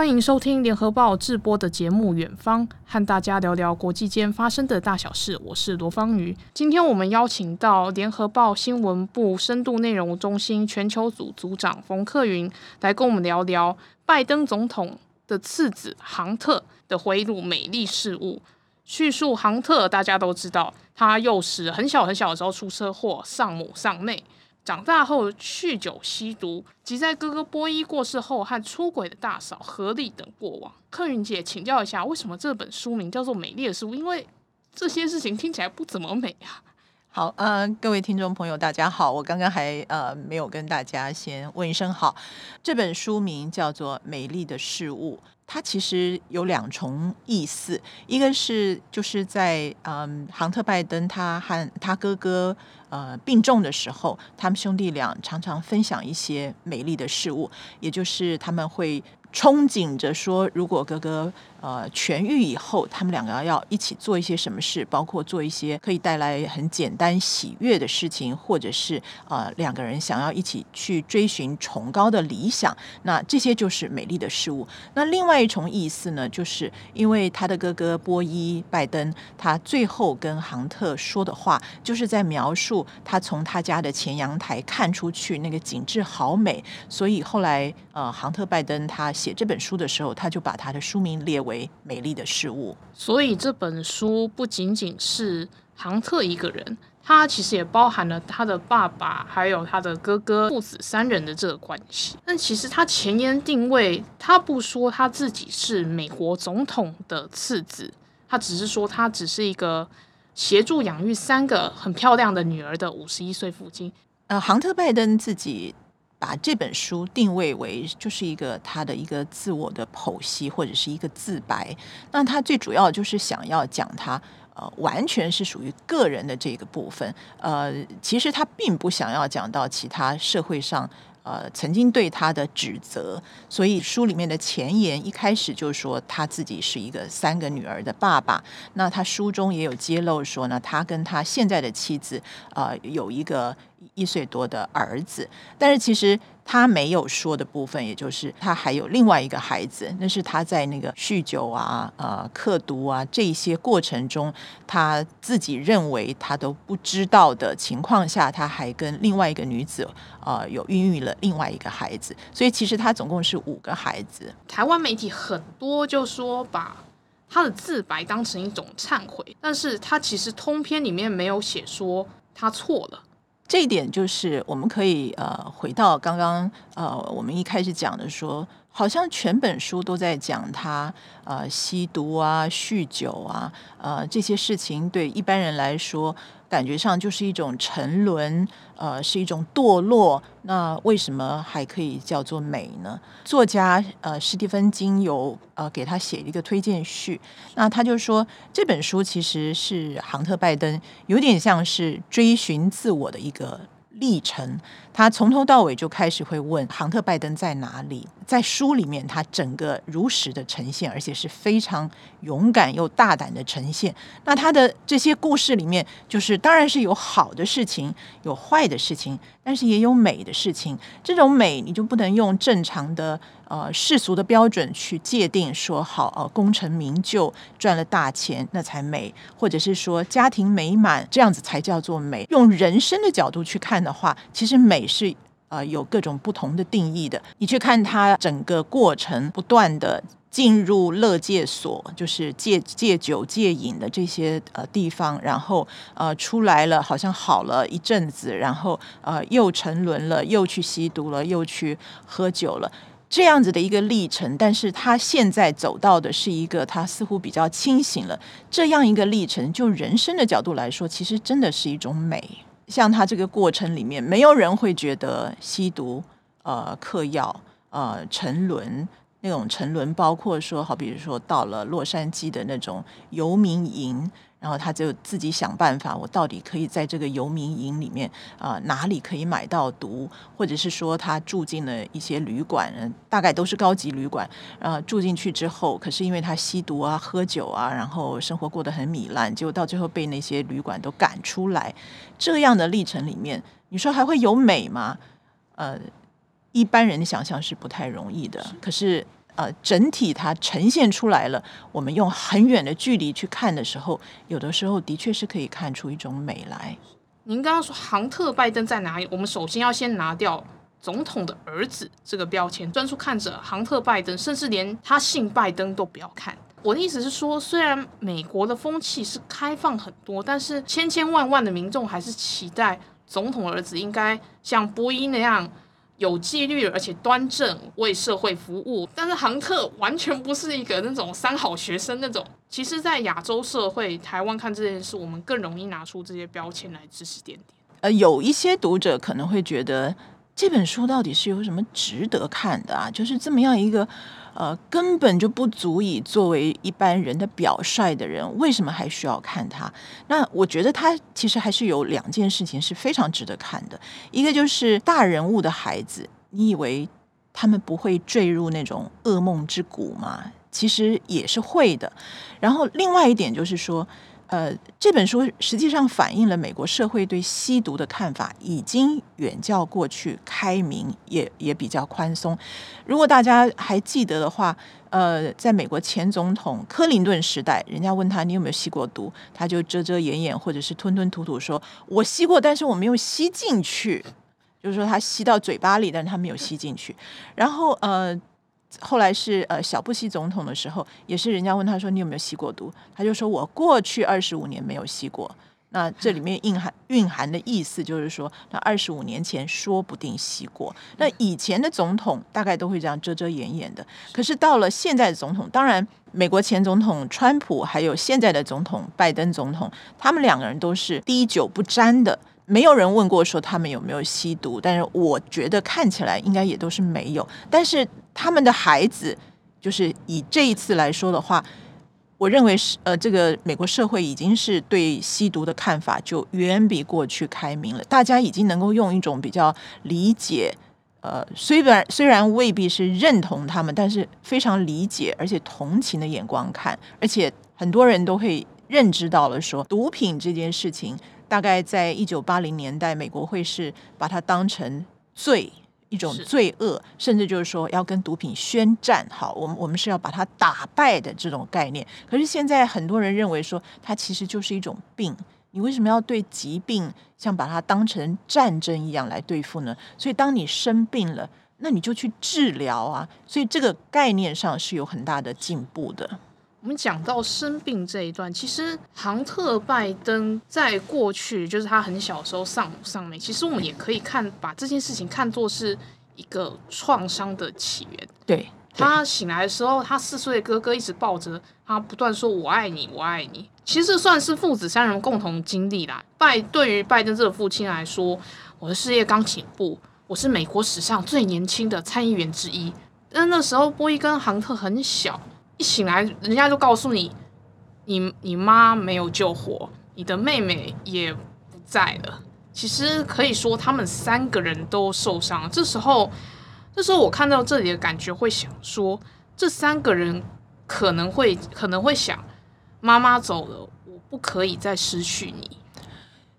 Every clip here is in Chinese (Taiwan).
歡迎收聽聯合報製播的節目《遠方》，和大家聊聊國際間發生的大小事。我是羅方妤，今天我們邀請到聯合報新聞部深度內容中心全球組組長馮克芸來跟我們聊聊拜登總統的次子杭特的回憶錄《美麗事物》，敘述杭特，大家都知道，他幼時很小很小的時候出車禍，喪母喪妹。長大後酗酒吸毒，及在哥哥波伊過世後和出軌的大嫂合力等過往。克芸姐，請教一下，為什麼這本書名叫做《美麗的事物》，因為這些事情聽起來不怎麼美啊？好，嗯、呃，各位聽眾朋友，大家好。我剛剛還呃沒有跟大家先問一聲好。這本書名叫做《美麗的事物》，它其實有兩重意思，一個是就是在嗯、呃、杭特拜登他和他哥哥呃病重的時候，他們兄弟倆常常分享一些美麗的事物，也就是他們會憧憬着說，如果哥哥呃，痊癒以後，他們兩個要一起做一些什麼事，包括做一些可以帶來很簡單喜悅的事情，或者是呃，兩個人想要一起去追尋崇高的理想。那這些就是美麗的事物。那另外一重意思呢，就是因為他的哥哥波伊拜登，他最後跟杭特說的話，就是在描述他從他家的前陽台看出去那個景緻好美。所以後來呃，杭特拜登他寫這本書的時候，他就把他的書名列為。為美麗的事物，所以這本書不僅僅是杭特一個人，他其實也包含了他的爸爸，還有他的哥哥、父子三人的這個關係。但其實他前言定位，他不說他自己是美國總統的次子，他只是說他只是一個協助養育三個很漂亮的女兒的五十一歲父親。呃，杭特·拜登自己把這本書定位為就是一個他的一個自我的剖析，或者是一個自白。那他最主要就是想要講他，呃，完全是屬於個人的這個部分。呃，其實他並不想要講到其他社會上，呃，曾經對他的指責。所以書裡面的前言一開始就說他自己是一個三個女兒的爸爸。那他書中也有揭露說呢，他跟他現在的妻子，呃，有一個，一歲多的兒子，但是其實他沒有說的部分，也就是他還有另外一個孩子，那是他在那個酗酒啊、呃、嗑毒啊這些過程中，他自己認為他都不知道的情況下，他還跟另外一個女子呃有孕育了另外一個孩子，所以其實他總共是五個孩子。台灣媒體很多就說，把他的自白當成一種懺悔，但是他其實通篇裡面沒有寫說他錯了。這一點就是我們可以呃回到剛剛呃我們一開始講的說，好像全本書都在講他啊、呃，吸毒啊，酗酒啊，呃，這些事情對一般人來說，感覺上就是一種沉淪，呃，是一種墮落。那為什麼還可以叫做美呢？作家呃，史蒂芬金有呃給他寫一個推薦序，那他就說這本書其實是杭特·拜登有點像是追尋自我的一個歷程。他從頭到尾就開始會問，杭特拜登在哪裡？在書裡面，他整個如實的呈現，而且是非常勇敢又大膽的呈現。那他的這些故事裡面，就是當然是有好的事情，有壞的事情，但是也有美的事情。這種美，你就不能用正常的呃世俗的標準去界定，說好呃功成名就、賺了大錢那才美，或者是說家庭美滿這樣子才叫做美。用人生的角度去看的話，其實美。也是啊，呃，有各種不同的定義的。你去看他整個過程，不斷的進入勒戒所，就是戒戒酒戒癮的這些呃地方，然後呃出來了，好像好了一陣子，然後呃又沉淪了，又去吸毒了，又去喝酒了，這樣子的一個歷程。但是他現在走到的是一個他似乎比較清醒了這樣一個歷程。就人生的角度來說，其實真的是一種美。像他這個過程裡面，沒有人會覺得吸毒、呃、嗑藥、呃、沉淪那種沉淪，包括說，好比如說到了洛杉磯的那種遊民營。然後他就自己想辦法，我到底可以在這個游民營裡面啊、呃、哪裡可以買到毒，或者是說他住進了一些旅館、呃，大概都是高級旅館。呃，住進去之後，可是因為他吸毒啊、喝酒啊，然後生活過得很糜爛，就到最後被那些旅館都趕出來。這樣的歷程裡面，你說還會有美嗎？呃，一般人想象是不太容易的。可是。呃，整體它呈現出來了，我們用很遠的距離去看的時候，有的時候的確是可以看出一種美來。您剛剛說杭特·拜登在哪裡？我們首先要先拿掉“總統的兒子”這個標籤，專注看着杭特·拜登，甚至連他姓拜登都不要看。我的意思是說，雖然美國的風氣是開放很多，但是千千萬萬的民眾還是期待總統兒子應該像波音那樣。有紀律，而且端正，為社會服務。但是，杭特完全不是一個那種三好學生那種。其實，在亞洲社會，台灣看這件事，我們更容易拿出這些標籤來指指點點。呃，有一些讀者可能會覺得這本書到底是有什麼值得看的啊？就是這麼樣一個。呃，根本就不足以作為一般人的表率的人，為什麼還需要看他？那我覺得他其實還是有兩件事情是非常值得看的。一個就是大人物的孩子，你以為他們不會墜入那種噩夢之谷嗎？其實也是會的。然後另外一點就是說。呃，這本書實際上反映了美國社會對吸毒的看法已經遠較過去開明也，也也比較寬鬆。如果大家還記得的話，呃，在美國前總統克林頓時代，人家問他你有沒有吸過毒，他就遮遮掩掩或者是吞吞吐吐說：“我吸過，但是我沒有吸進去。”就是說他吸到嘴巴裡，但是他沒有吸進去。然後，呃。後來是呃小布希總統的時候，也是人家問他說，你有沒有吸過毒？他就說，我過去二十五年沒有吸過。那這裡面蘊含蘊含的意思就是說，那二十五年前說不定吸過。那以前的總統大概都會這樣遮遮掩掩的，可是到了現在的總統，當然美國前總統川普還有現在的總統拜登總統，他們兩個人都是滴酒不沾的。沒有人問過說他們有沒有吸毒，但是我覺得看起來應該也都是沒有。但是他們的孩子，就是以這一次來說的話，我認為是呃，這個美國社會已經是對吸毒的看法就遠比過去開明了。大家已經能夠用一種比較理解，呃，雖然雖然未必是認同他們，但是非常理解而且同情的眼光看，而且很多人都會認知到了說毒品這件事情。大概在一九八零年代，美國會是把它當成罪，一種罪惡，甚至就是說要跟毒品宣戰。好，我們我們是要把它打敗的這種概念。可是現在很多人認為說，它其實就是一種病。你為什麼要對疾病像把它當成戰爭一樣來對付呢？所以當你生病了，那你就去治療啊。所以這個概念上是有很大的進步的。我們講到生病這一段，其實杭特·拜登在過去就是他很小的時候喪母喪妹。其實我們也可以看，把這件事情看作是一個創傷的起源。對，對。他醒來的時候，他四歲的哥哥一直抱着他，不斷說“我愛你，我愛你”。其實算是父子三人共同經歷啦。拜對於拜登這個父親來說，我的事業剛起步，我是美國史上最年輕的參議員之一。但那時候波伊跟杭特很小。一醒來，人家就告訴你，你你媽沒有救活，你的妹妹也不在了。其實可以說，他們三個人都受傷。這時候，這時候我看到這裡的感覺會想說，這三個人可能會可能會想，媽媽走了，我不可以再失去你。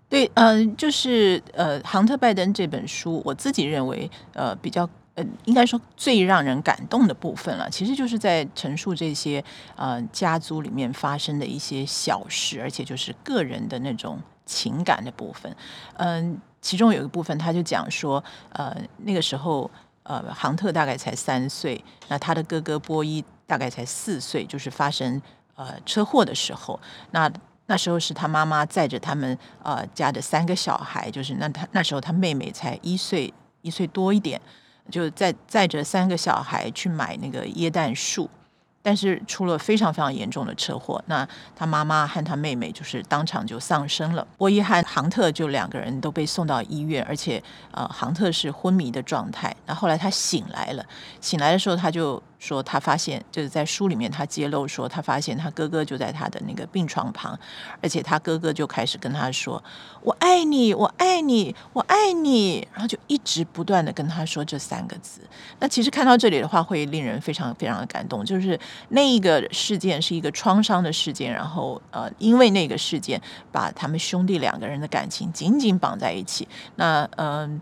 對，嗯、呃，就是呃，杭特拜登這本書，我自己認為呃比較。呃，應該說最讓人感動的部分了，其實就是在陳述這些呃家族裡面發生的一些小事，而且就是個人的那種情感的部分。嗯、呃，其中有一個部分，他就講說，呃，那個時候，呃，杭特大概才三歲，那他的哥哥波伊大概才四歲，就是發生呃車禍的時候，那那時候是他媽媽載着他們呃家的三個小孩，就是那他那時候他妹妹才一歲，一歲多一點。就載載着三個小孩去買那個耶誕樹，但是出了非常非常嚴重的車禍。那他媽媽和他妹妹就是當場就喪生了。波伊和杭特就兩個人都被送到醫院，而且呃，杭特是昏迷的狀態。那後來他醒來了，醒來的時候他就。說他發現就是在書裡面他揭露說他發現他哥哥就在他的那個病床旁，而且他哥哥就開始跟他說“我愛你，我愛你，我愛你”，然後就一直不斷的跟他說這三個字。那其實看到這裡的話，會令人非常非常的感動，就是那一個事件是一個創傷的事件，然後呃，因為那個事件把他們兄弟兩個人的感情緊緊綁在一起。那嗯、呃，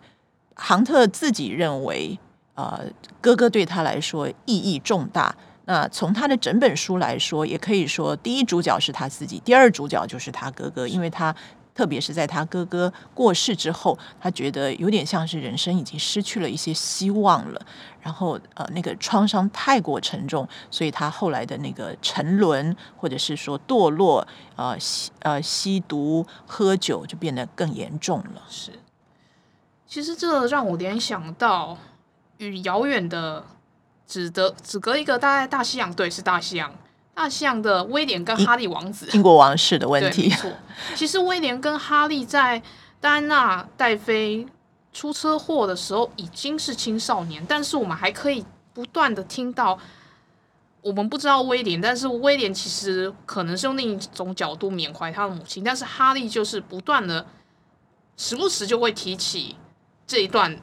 杭特自己認為。呃，哥哥對他來說意義重大。那從他的整本書來說，也可以說第一主角是他自己，第二主角就是他哥哥，因為他特別是在他哥哥過世之後，他覺得有點像是人生已經失去了一些希望了。然後呃，那個創傷太過沉重，所以他後來的那個沉淪或者是說墮落，呃吸，呃，吸毒，喝酒就變得更嚴重了。是，其實這讓我聯想到。與遙遠的，只隔只隔一個大概大西洋，對，是大西洋。大西洋的威廉跟哈利王子，英，英國王室的問題 其實威廉跟哈利在戴安娜戴妃出車禍的時候已經是青少年，但是我們還可以不斷的聽到。我們不知道威廉，但是威廉其實可能是用另一種角度緬懷他的母親，但是哈利就是不斷的，時不時就會提起這一段。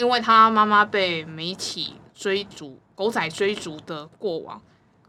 因為他媽媽被媒體追逐、狗仔追逐的過往，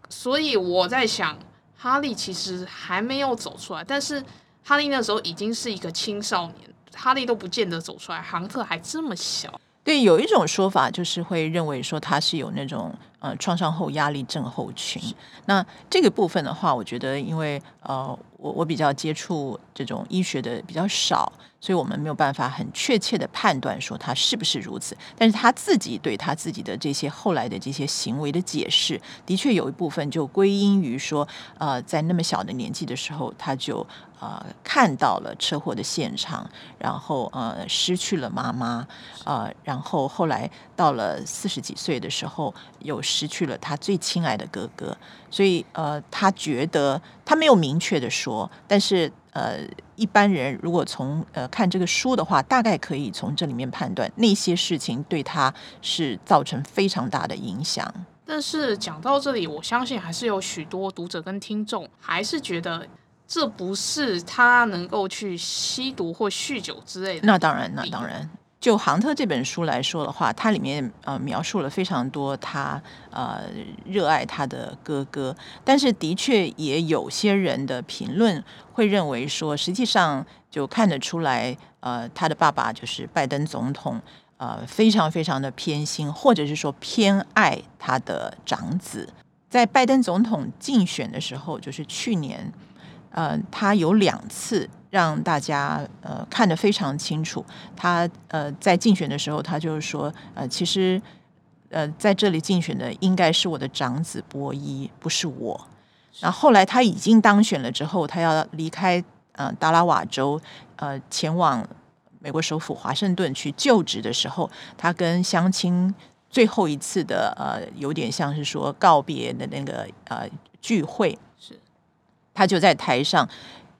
所以我在想，哈利其實還沒有走出來。但是哈利那時候已經是一個青少年，哈利都不見得走出來，杭特還這麼小。對，有一種說法就是會認為說他是有那種呃創傷後壓力症候群。那這個部分的話，我覺得因為呃，我我比較接觸。這種醫學的比較少，所以我們沒有辦法很確切的判斷說他是不是如此。但是他自己對他自己的這些後來的這些行為的解釋，的確有一部分就歸因於說，呃，在那麼小的年紀的時候，他就呃，啊看到了車禍的現場，然後呃失去了媽媽，呃，然後後來到了四十幾歲的時候又失去了他最親愛的哥哥，所以呃，他覺得他沒有明確的說，但是。呃，一般人如果從呃看這個書的話，大概可以從這裡面判斷那些事情對他是造成非常大的影響。但是講到這裡，我相信還是有許多讀者跟聽眾還是覺得這不是他能夠去吸毒或酗酒之類的。那當然，那當然。就杭特這本書來說的話，它裡面呃描述了非常多他呃熱愛他的哥哥，但是的確也有些人的評論會認為說，實際上就看得出來，呃，他的爸爸就是拜登總統，呃，非常非常的偏心，或者是說偏愛他的長子。在拜登總統競選的時候，就是去年，呃，他有兩次讓大家呃看得非常清楚。他呃在競選的時候，他就是說呃其實呃在這裡競選的應該是我的長子伯伊，不是我。那後，後來他已經當選了之後，他要離開呃達拉瓦州呃前往美國首府華盛頓去就職的時候，他跟鄉親最後一次的呃有點像是說告別的那個呃聚會。他就在台上，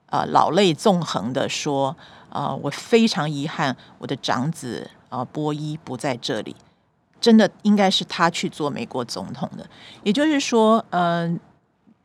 啊、呃，老淚縱橫地說，啊、呃，我非常遺憾，我的長子啊、呃，波伊不在這裡，真的應該是他去做美國總統的。也就是說，嗯、呃，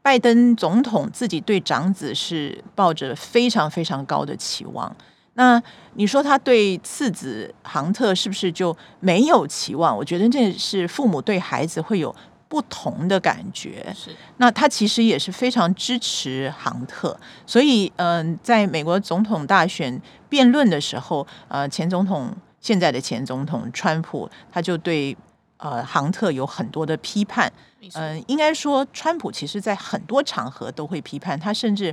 拜登總統自己對長子是抱着非常非常高的期望。那你說他對次子杭特是不是就沒有期望？我覺得這是父母對孩子會有。不同的感覺是，那他其實也是非常支持杭特，所以嗯、呃，在美國總統大選辯論的時候，呃，前總統現在的前總統川普，他就對呃杭特有很多的批判。嗯、呃，應該說川普其實在很多場合都會批判他，甚至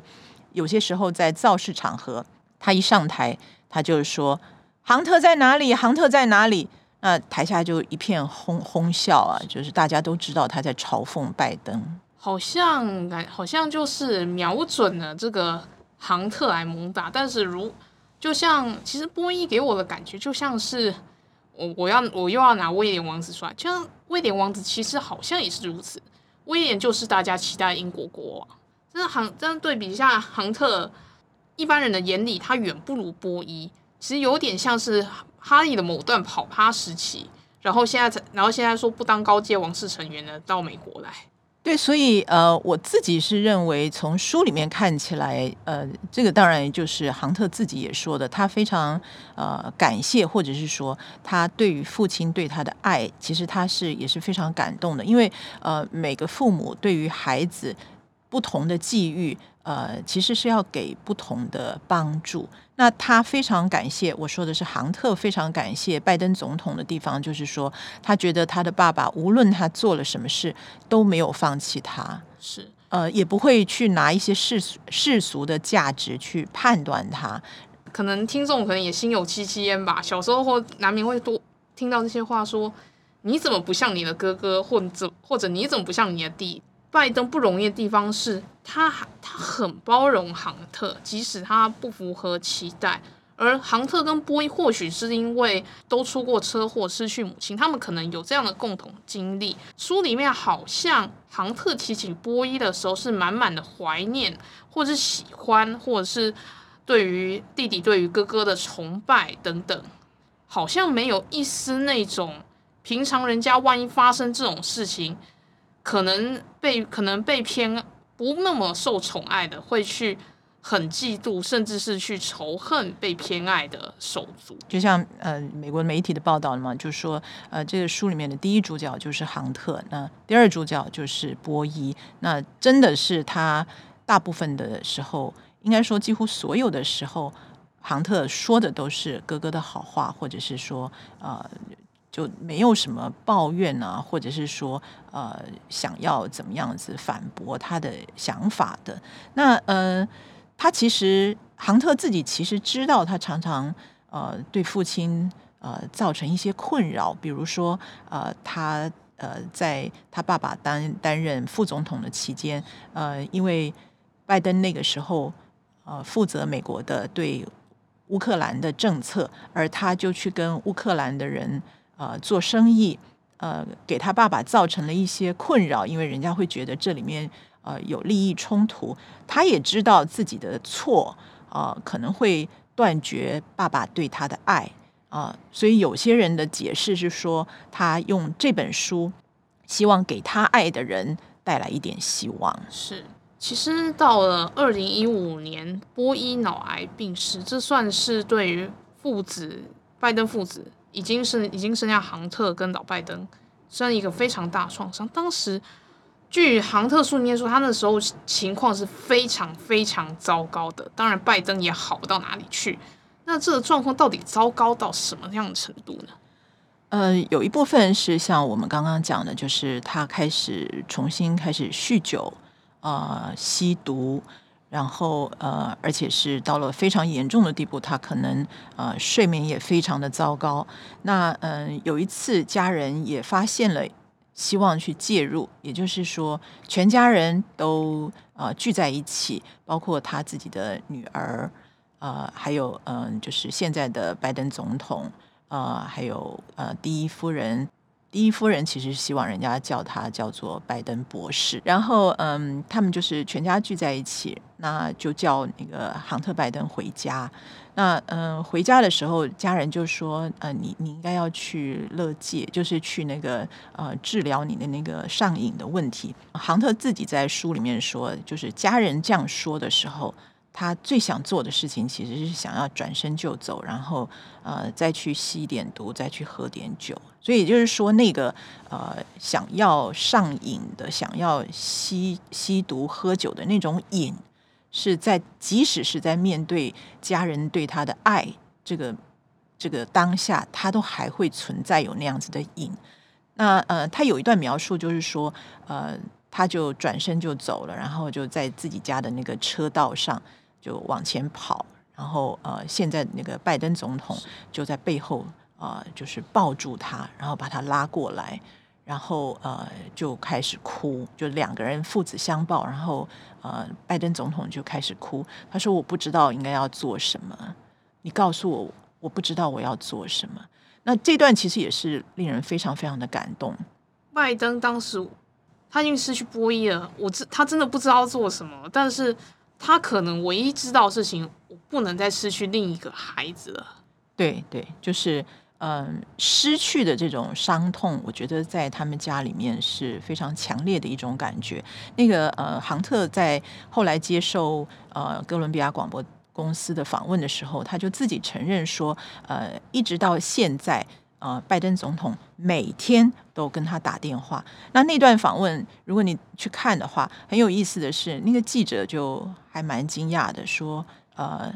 有些時候在造勢場合，他一上台，他就說：“杭特在哪裡？杭特在哪裡？”那台下就一片哄哄笑啊，就是大家都知道他在嘲諷拜登，好像好像就是瞄準了這個杭特來猛打，但是如就像其實波伊給我的感覺就像是我我要我又要拿威廉王子出來，就像威廉王子其實好像也是如此，威廉就是大家期待英國國王，真的杭，真的對比一下杭特，一般人的眼裡他遠不如波伊。其實有點像是哈利的某段跑趴時期，然後現在，然後現在說不當高階王室成員呢，到美國來。對，所以呃，我自己是認為，從書裡面看起來，呃，這個當然就是杭特自己也說的，他非常呃感謝，或者是說他對於父親對他的愛，其實他是也是非常感動的，因為呃每個父母對於孩子，不同的際遇，呃，其實是要給不同的幫助。那他非常感謝，我說的是，杭特非常感謝拜登總統的地方，就是說，他覺得他的爸爸無論他做了什麼事，都沒有放棄他，是，呃，也不會去拿一些世俗世俗的價值去判斷他。可能聽眾可能也心有戚戚焉吧，小時候或難免會多聽到這些話說，說你怎麼不像你的哥哥，或者，或者你怎麼不像你的弟。拜登不容易的地方是他，他很包容杭特，即使他不符合期待。而杭特跟波一或許是因為都出過車禍，失去母親，他們可能有這樣的共同經歷。書裡面好像杭特提起，起波一的時候，是滿滿的懷念，或是喜歡，或者是對於弟弟、對於哥哥的崇拜等等，好像沒有一絲那種平常人家萬一發生這種事情。可能被，可能被偏，不那麼受寵愛的會去很嫉妒，甚至是去仇恨被偏愛的手足。就像呃美國媒體的報道嘛，就說呃這個書裡面的第一主角就是杭特，那第二主角就是波伊。那真的是他大部分的時候，應該說幾乎所有的時候，杭特說的都是哥哥的好話，或者是說呃。就沒有什麼抱怨啊，或者是說呃，想要怎麼樣子反駁他的想法的。那呃，他其實杭特自己其實知道，他常常呃對父親呃造成一些困擾，比如說呃，他呃在他爸爸擔擔任副總統的期間，呃，因為拜登那個時候呃負責美國的對烏克蘭的政策，而他就去跟烏克蘭的人。呃，做生意，呃，給他爸爸造成了一些困擾，因為人家會覺得這裡面呃有利益衝突。他也知道自己的錯，啊、呃，可能會斷絕爸爸對他的愛，啊、呃，所以有些人的解釋是說，他用這本書希望給他愛的人帶來一點希望。是，其實到了二零一五年，波伊腦癌病逝，這算是對於父子，拜登父子。已經是，已經剩下杭特跟老拜登，算一個非常大的創傷。當時，據杭特述念說，他那時候情況是非常非常糟糕的。當然，拜登也好不到哪裡去。那這個狀況到底糟糕到什麼樣的程度呢？呃，有一部分是像我們剛剛講的，就是他開始重新開始酗酒，呃，吸毒。然後，呃，而且是到了非常嚴重的地步，他可能，呃，睡眠，也非常的糟糕。那，嗯、呃，有一次家人也發現了，希望去介入，也就是說全家人都啊、呃、聚在一起，包括他自己的女兒，呃，還有嗯、呃，就是現在的拜登總統，呃，還有呃第一夫人。第一夫人其實希望人家叫他叫做拜登博士，然後嗯，他們就是全家聚在一起，那就叫那個杭特拜登回家。那嗯，回家的時候，家人就說：“呃，你你應該要去勒戒，就是去那個呃治療你的那個上癮的問題。”杭特自己在書裡面說，就是家人這樣說的時候。他最想做的事情其實是想要轉身就走，然後呃再去吸點毒，再去喝點酒。所以也就是說，那個呃想要上癮的、想要吸吸毒、喝酒的那種癮，是在即使是在面對家人對他的愛，這個這個當下，他都還會存在有那樣子的癮。那呃，他有一段描述就是說，呃，他就轉身就走了，然後就在自己家的那個車道上。就往前跑，然後呃，現在那個拜登總統就在背後啊、呃，就是抱住他，然後把他拉過來，然後呃，就開始哭，就兩個人父子相抱，然後呃，拜登總統就開始哭，他說我不知道應該要做什麼，你告訴我，我不知道我要做什麼。那這段其實也是令人非常非常的感動。拜登當時他因為失去波伊了，我知他真的不知道做什麼，但是。他可能唯一知道的事情，我不能再失去另一個孩子了。對對，就是嗯、呃，失去的這種傷痛，我覺得在他們家裡面是非常強烈的一種感覺。那個呃，杭特在後來接受呃哥倫比亞廣播公司的訪問的時候，他就自己承認說，呃，一直到現在。呃，拜登總統每天都跟他打電話。那那段訪問，如果你去看的話，很有意思的是，那個記者就還蠻驚訝的，說：“呃，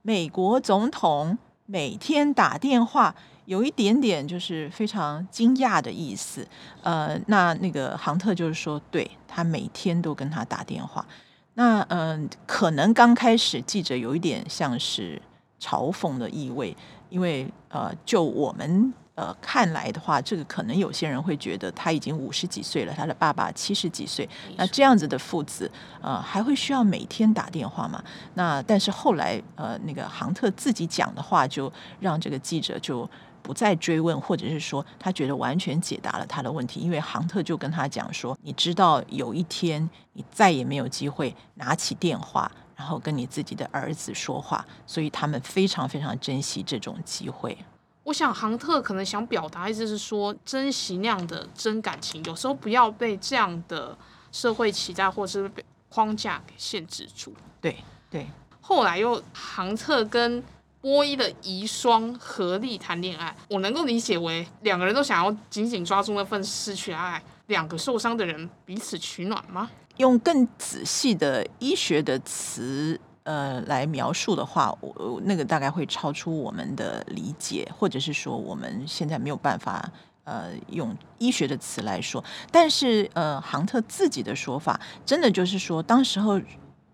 美國總統每天打電話，有一點點就是非常驚訝的意思。”呃，那那個杭特就是說，對，他每天都跟他打電話。那嗯、呃，可能剛開始記者有一點像是嘲諷的意味。因為呃，就我們呃看來的話，這個可能有些人會覺得他已經五十幾歲了，他的爸爸七十幾歲，那這樣子的父子呃還會需要每天打電話嗎？那但是後來呃那個杭特自己講的話，就讓這個記者就不再追問，或者是說他覺得完全解答了他的問題，因為杭特就跟他講說，你知道有一天你再也沒有機會拿起電話然後跟你自己的兒子說話，所以他們非常非常珍惜這種機會。我想，杭特可能想表達的意思是說，珍惜那樣的真感情，有時候不要被這樣的社會期待或是框架給限制住。對對。後來又，杭特跟波伊的遺孀合力談戀愛，我能夠理解為兩個人都想要緊緊抓住那份失去的愛，兩個受傷的人彼此取暖嗎？用更仔細的醫學的詞，呃，來描述的話，我那個大概會超出我們的理解，或者是說我們現在沒有辦法，呃，用醫學的詞來說。但是，呃，杭特自己的說法，真的就是說，當時候，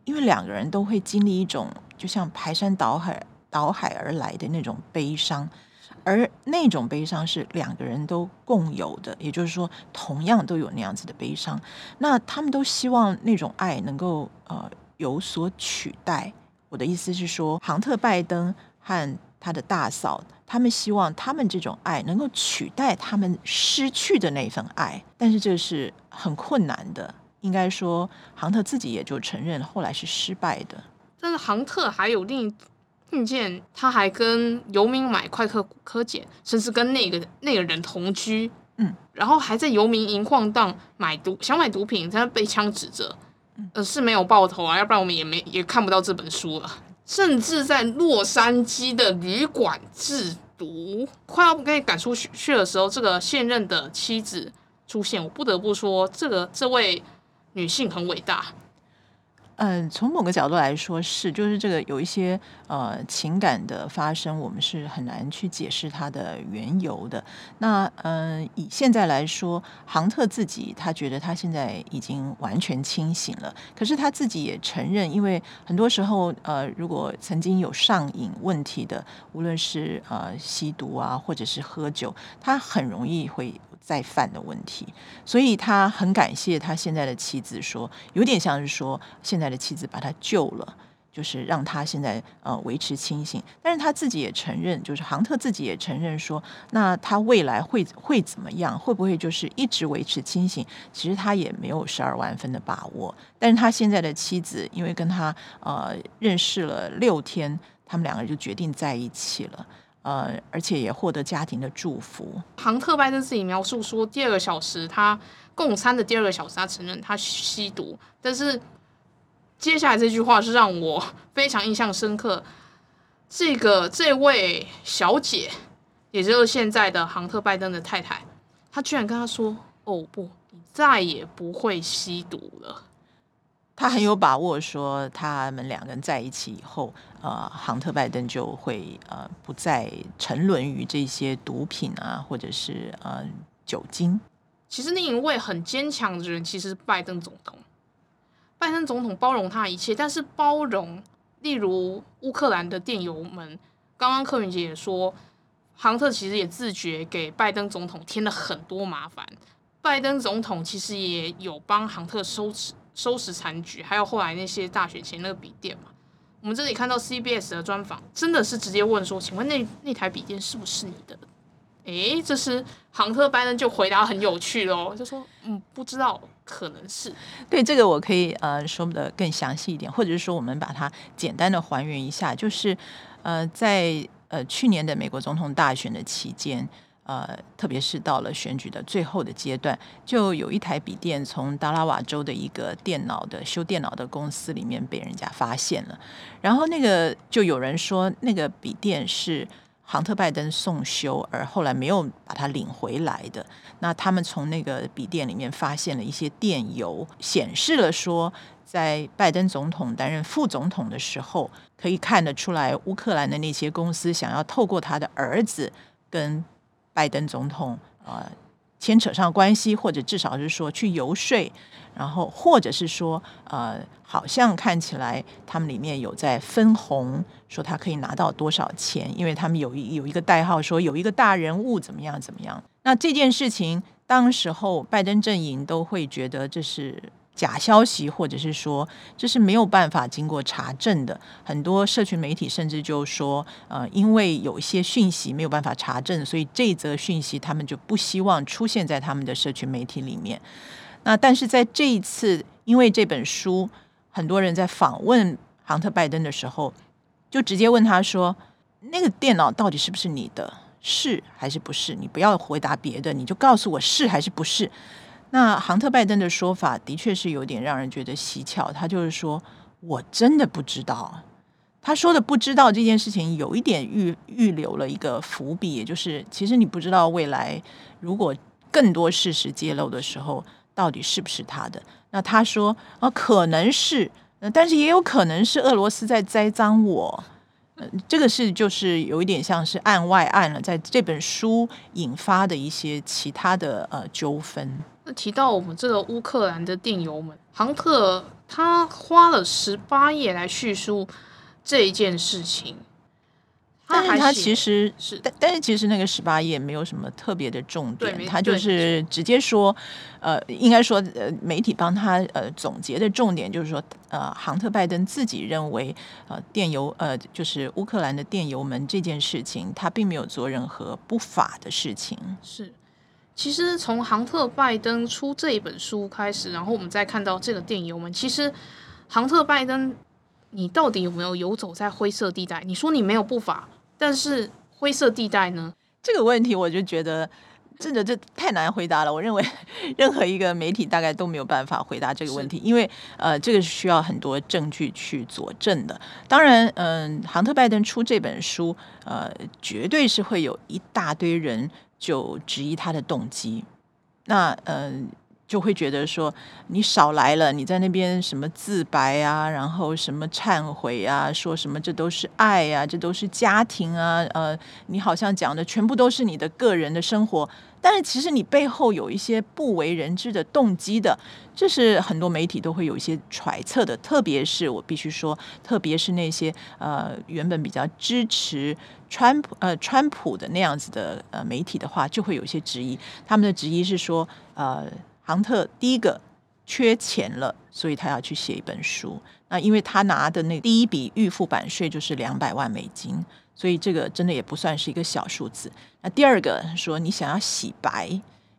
因為兩個人都會經歷一種，就像排山倒海、倒海而來的那種悲傷。而那種悲傷是兩個人都共有的，也就是說，同樣都有那樣子的悲傷。那他們都希望那種愛能夠呃有所取代。我的意思是說，杭特·拜登和他的大嫂，他們希望他們這種愛能夠取代他們失去的那份愛。但是這是很困難的，應該說，杭特自己也就承認後來是失敗的。但是杭特還有另一。並且，他還跟遊民買快克、古柯鹼，甚至跟那個那個人同居，嗯，然後還在遊民營晃蕩，買毒，想買毒品，在那被槍指着，呃、是沒有爆頭啊，要不然我們也沒也看不到這本書了。甚至在洛杉磯的旅館製毒，快要被趕出去，去的時候，這個現任的妻子出現，我不得不說，這個這位女性很偉大。嗯、呃，從某個角度來說是，就是這個有一些呃情感的發生，我們是很難去解釋它的緣由的。那嗯、呃，以現在來說，杭特自己他覺得他現在已經完全清醒了，可是他自己也承認，因為很多時候呃，如果曾經有上癮問題的，無論是呃吸毒啊，或者是喝酒，他很容易會。再犯的問題，所以他很感謝他現在的妻子說，說有點像是說現在的妻子把他救了，就是讓他現在呃維持清醒。但是他自己也承認，就是杭特自己也承認說，那他未來會會怎麼樣？會不會就是一直維持清醒？其實他也沒有十二萬分的把握。但是他現在的妻子，因為跟他呃認識了六天，他們兩個人就決定在一起了。呃，而且也獲得家庭的祝福。杭特拜登自己描述說，第二個小時他共餐的第二個小時，他承認他吸毒，但是接下來這句話是讓我非常印象深刻。這個這位小姐，也就是現在的杭特拜登的太太，她居然跟他說：“哦不，你再也不會吸毒了。”他很有把握說，他們兩個人在一起以後，呃，杭特·拜登就會呃不再沉淪於這些毒品啊，或者是呃酒精。其實另一位很堅強的人，其實是拜登總統。拜登總統包容他一切，但是包容，例如烏克蘭的電郵門。剛剛克芸姐也說，杭特其實也自覺給拜登總統添了很多麻煩。拜登總統其實也有幫杭特收拾。收拾殘局，還有後來那些大選前那個筆電嘛，我們這裡看到 CBS 的專訪，真的是直接問說，請問那那台筆電是不是你的？哎，這是杭特·拜登，就回答很有趣嘍，就說嗯，不知道，可能是。對，這個我可以呃說得更詳細一點，或者是說我們把它簡單的還原一下，就是呃在呃去年的美國總統大選的期間。呃，特別是到了選舉的最後的階段，就有一台筆電從達拉瓦州的一個電腦的修電腦的公司裡面被人家發現了。然後那個就有人說，那個筆電是杭特拜登送修，而後來沒有把他領回來的。那他們從那個筆電裡面發現了一些電郵，顯示了說，在拜登總統擔任副總統的時候，可以看得出來，烏克蘭的那些公司想要透過他的兒子跟。拜登總統，呃，牽扯上關係，或者至少是說去遊說，然後或者是說，呃，好像看起來他們裡面有在分紅，說他可以拿到多少錢，因為他們有一有一個代號，說有一個大人物怎麼樣怎麼樣。那這件事情，當時候拜登陣營都會覺得這是。假消息，或者是說這是沒有辦法經過查證的。很多社群媒體甚至就說，呃，因為有一些訊息沒有辦法查證，所以這則訊息他們就不希望出現在他們的社群媒體裡面。那但是在這一次，因為這本書，很多人在訪問杭特·拜登的時候，就直接問他說：“那個電腦到底是不是你的？是還是不是？你不要回答別的，你就告訴我是還是不是。”那杭特拜登的說法的確是有點讓人覺得蹊蹺。他就是說，我真的不知道。他說的“不知道”這件事情，有一點預預留了一個伏筆，也就是其實你不知道未來，如果更多事實揭露的時候，到底是不是他的。那他說啊，呃，可能是，呃，但是也有可能是俄羅斯在栽贓我。呃，這個是就是有一點像是案外案了，在這本書引發的一些其他的呃糾紛。提到我們這個烏克蘭的電郵門，杭特他花了十八頁來敘述這一件事情。但是他其實是，但但是其實那個十八頁沒有什麼特別的重點，他就是直接說，呃，應該說，呃，媒體幫他呃總結的重點就是說，呃，杭特拜登自己認為，呃，電郵，呃就是烏克蘭的電郵門這件事情，他並沒有做任何不法的事情。是。其實從杭特·拜登出這本書開始，然後我們再看到這個電郵，我們其實，杭特·拜登，你到底有沒有游走在灰色地帶？你說你沒有不法，但是灰色地帶呢？這個問題我就覺得真的這太難回答了。我認為任何一個媒體大概都沒有辦法回答這個問題，因為呃，這個是需要很多證據去佐證的。當然，嗯、呃，杭特·拜登出這本書，呃，絕對是會有一大堆人。就質疑他的動機，那呃就會覺得說你少來了，你在那邊什麼自白啊，然後什麼懺悔啊，說什麼這都是愛啊，這都是家庭啊，呃，你好像講的全部都是你的個人的生活，但是其實你背後有一些不為人知的動機的，這是很多媒體都會有一些揣測的，特別是我必須說，特別是那些呃原本比較支持。川普呃，川普的那樣子的呃媒體的話，就會有一些質疑。他們的質疑是說，呃，杭特第一個缺錢了，所以他要去寫一本書。那因為他拿的那第一筆預付版稅就是兩百萬美金，所以這個真的也不算是一個小數字。那第二個說，你想要洗白，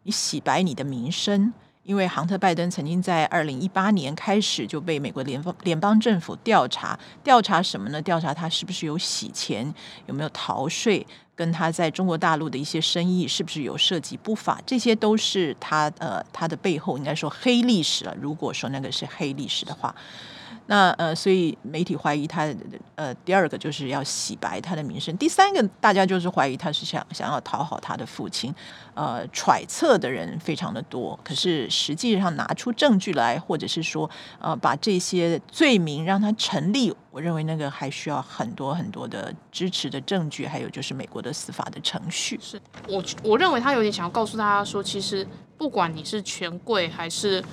你洗白你的名聲。因為杭特拜登曾經在二零一八年開始就被美國聯邦聯邦政府調查，調查什麼呢？調查他是不是有洗錢，有沒有逃稅，跟他在中國大陸的一些生意是不是有涉及不法，這些都是他呃，他的背後應該說黑歷史了。如果說那個是黑歷史的話。那呃，所以媒體懷疑他的，呃，第二個就是要洗白他的名聲，第三個大家就是懷疑他是想想要討好他的父親，呃，揣測的人非常的多。可是實際上拿出證據來，或者是說，呃，把這些罪名讓他成立，我認為那個還需要很多很多的支持的證據，還有就是美國的司法的程序。是我我認為他有點想要告訴大家說，其實不管你是權貴還是。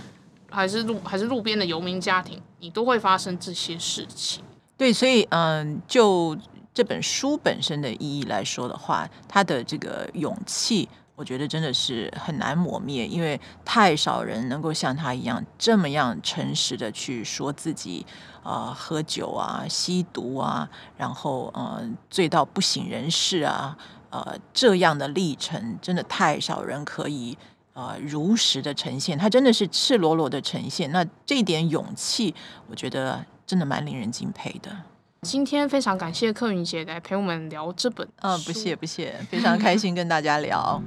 還是路還是路邊的游民家庭，你都會發生這些事情。對，所以嗯、呃，就這本書本身的意義來說的話，他的這個勇氣，我覺得真的是很難磨滅，因為太少人能夠像他一樣這麼樣誠實的去說自己啊、呃、喝酒啊、吸毒啊，然後嗯、呃、醉到不省人事啊，呃，這樣的歷程，真的太少人可以。呃，如實的呈現，他真的是赤裸裸的呈現。那這一點勇氣，我覺得真的蠻令人敬佩的。今天非常感謝克芸姐來陪我們聊這本。嗯、哦，不謝不謝，非常開心 跟大家聊。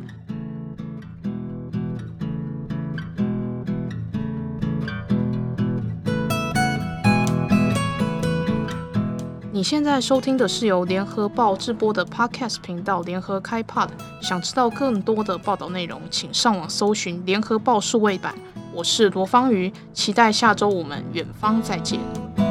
你現在收聽的是由聯合報製播的 Podcast 頻道聯合開 Pod。想知道更多的報道內容，請上網搜尋聯合報數位版。我是羅芳瑜，期待下周我們遠方再見。